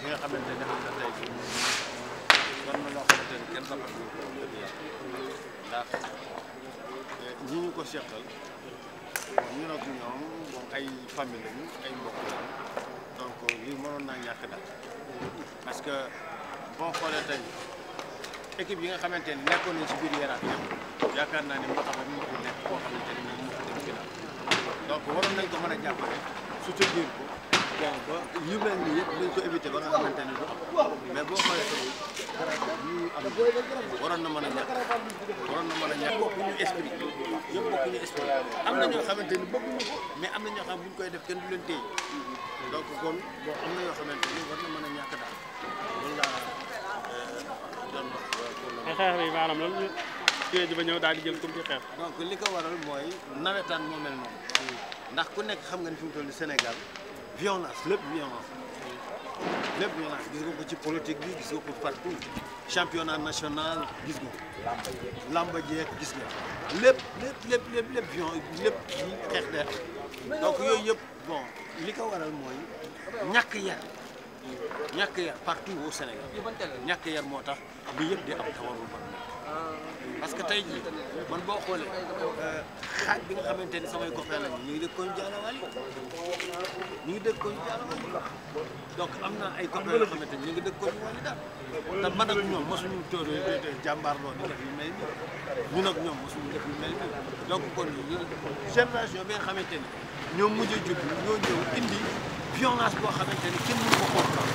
li nga xamante ne xam na tey doon na loo xamante ne kenn rafetlu ko dëgg yàlla ndax eh, ñi ñu ko seqal ñu nag ñoom moom ay famille lañu ay mbokk lañu donc lii mënoon naa ñàkk daal parce que boo xoolee tey équipe yi nga xamante ne nekkoon nañ ci biir Yaraax yëpp yaakaar naa ne moo xam ne mu ngi nekk koo xamante ne moom moo ko dem ginnaaw donc waroon nañ ko mën a jàppale soutenir ko. waroon na mën a ñàkk waroon na mën a ñàkk bokkuñu esprit yëpp bokkuñu esprit am na ñoo xamante ni mais am na ñoo xam bu ñu koy def kenn du leen téye donc kon bon am na yoo xamante ni war a ñàkk daal euh, ba ñëw daal di jël comme ci xeex. donc li ko waral mooy nawetaan moo mel noonu ndax ku nekk xam nga ni fi mu Sénégal. violence le violence le violence politique partout championnat national le bon partout au Sénégal parce que man ñu ngi dëkk ko ñu yàlla moom am na ay copains yoo xamante ñu ngi dëkk ko ñu wàllu daal te man ak ñoom mosuñu toog jàmbaar loo di def yu mel nii ñun ak ma mosuñu def yu mel nii donc kon génération bi nga xamante ni ñoom mujj a jub ñoo ñëw indi a boo xamante ni kenn mënu ko ko comprendre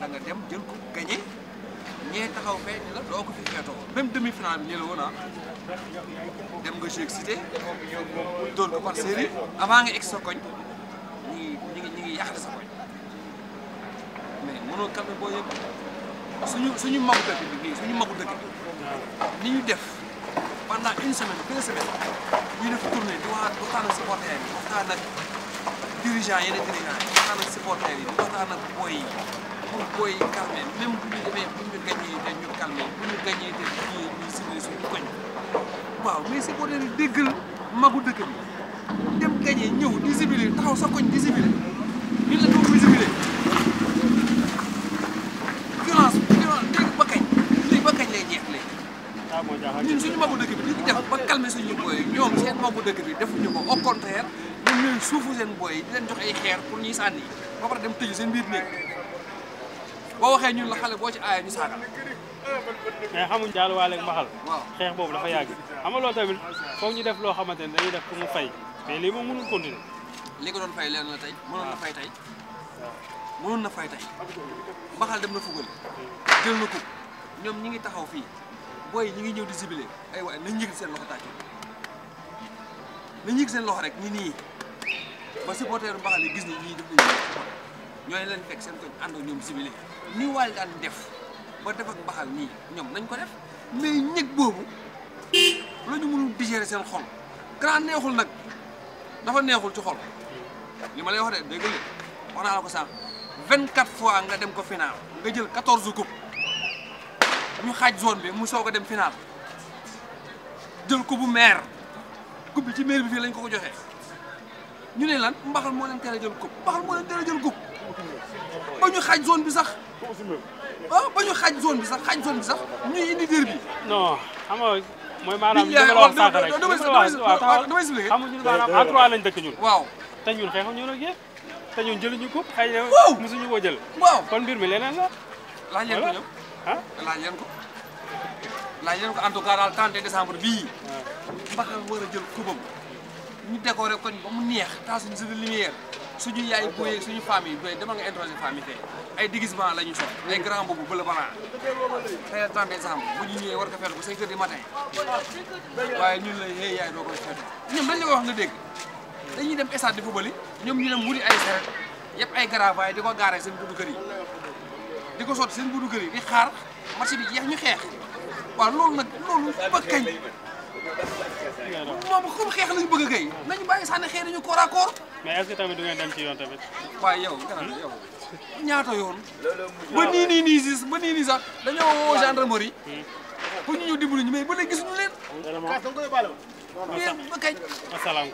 da nga dem jël ko gagné ñee taxaw fee ni la doo ko fi xeetoo même demi final bi la woon ah. dem nga joué cité dóor ko par série avant nga egg sa koñ ñi ngi ngi yàqal sa koñ mais mënoo suñu suñu magu suñu magu dëkk ni ñu def pendant une semaine deux semaines ñu def tournée di wax waxtaan ak supporter yi waxtaan ak dirigeant yeneen dirigeant yi waxtaan ak supporter yi waxtaan ak boy yi pour booy calmer même bu ñu demee bu ñu gañee te ñu calmer bu ñu gañee te ñii ñuy suñu koñ waaw mais c'est pour leen déggal magu dëkk bi dem gañee ñëw di simili taxaw sa koñ di simili ñu la doon simili violence violence léegi ba kañ lii ba kañ lay jeex léegi ñun suñu magu dëkk def ba calmer suñu booy ñoom seen magu dëkk bi defuñu ko au contraire ñun ñooy suufu seen booy di leen jox ay xeer pour ñuy sànni ba pare dem tëju seen biir néeg boo waxee ñun la xale boo ci aayee ñu saaga mais xamuñ daal waa léegi maxal xeex boobu dafa yàgg xam nga loolu tamit foog ñu def loo xamante ne dañuy def pour mu fay mais lii moom mënul continuer li ko doon fay leen la tey mënoon na fay tey mënoon na fay tey maxal dem na fugal jël na ko ñoom ñi ngi taxaw fii booy ñi ngi ñëw di sibile ay waay nañ yëg seen loxo tàccu nañ yëg seen loxo rek ñi nii ba supporteru mbaxal yi gis ni ñii def nañ ñoo leen fekk seen koñ ànd ak ñoom simili ni Wally daan def ba def ak mbaxal nii ñoom nañ ko def mais ñëg boobu la ñu mënul seen xol grand neexul nag dafa neexul ci xol li ma lay wax de dégg nga ko sànq 24 fois nga dem ko final nga jël 14 coupe ñu xaaj zone bi mu soog a dem final jël coupe bu maire coupe bi ci maire bi fii lañ ko ko joxe ñu ne lan mbaxal moo leen teel a jël coupe mbaxal moo leen teel a jël coupe ba ñu xaaj zone bi sax ah ba ñu xaaj zone bi sax xaaj bi sax ñuy indi dér bi. non xam mooy maanaam li ma la wax sànq rek damay expliqué xam ñun maanaam à trois lañ dëkk ñun. waaw te ñun xeexu ñun ak yéen te ñun ñu ko xëy na mosuñu koo jël. waaw kon mbir mi leneen la. laaj leen ko ñoom ah leen ko. laaj leen ko en tout cas daal 30 décembre bii. mbaxal war a jël kubam ñu décorer koñ ba mu neex taasuñ si lumière. suñu yaay booyee suñu femmes yi booyee dama nga introsé femmes yi ay déguisement la ñu sol ay grand boobu bële balaa tey temps décembre bu ñu ñëwee war ko feet bu cinq heures du matin waaye ñun la hey yaay doo dañ la ko wax nga dégg dañuy dem stade di fubali ñoom ñu dem wuti ay seret yëpp ay garavaay di ko gaaree seen buddu kër yi ko sotti seen buddu kër yi di xaar match bi jeex ñu xeex waaw loolu nag loolu ba kañ moom comme xeex lañu bëgg a kay nañu bàyyi sànni xeer dañu koor mais est-ce que tamit du ngeen dem ci yoon tamit. waaye yow gannaaw yow ñaata yoon. ba hmm? nii nii ba nii nii sax dañoo woo hmm. gendarmerie. Hmm. pour ñu ñëw dimbali ñu mais ba léegi gisuñu leen. ba kañ.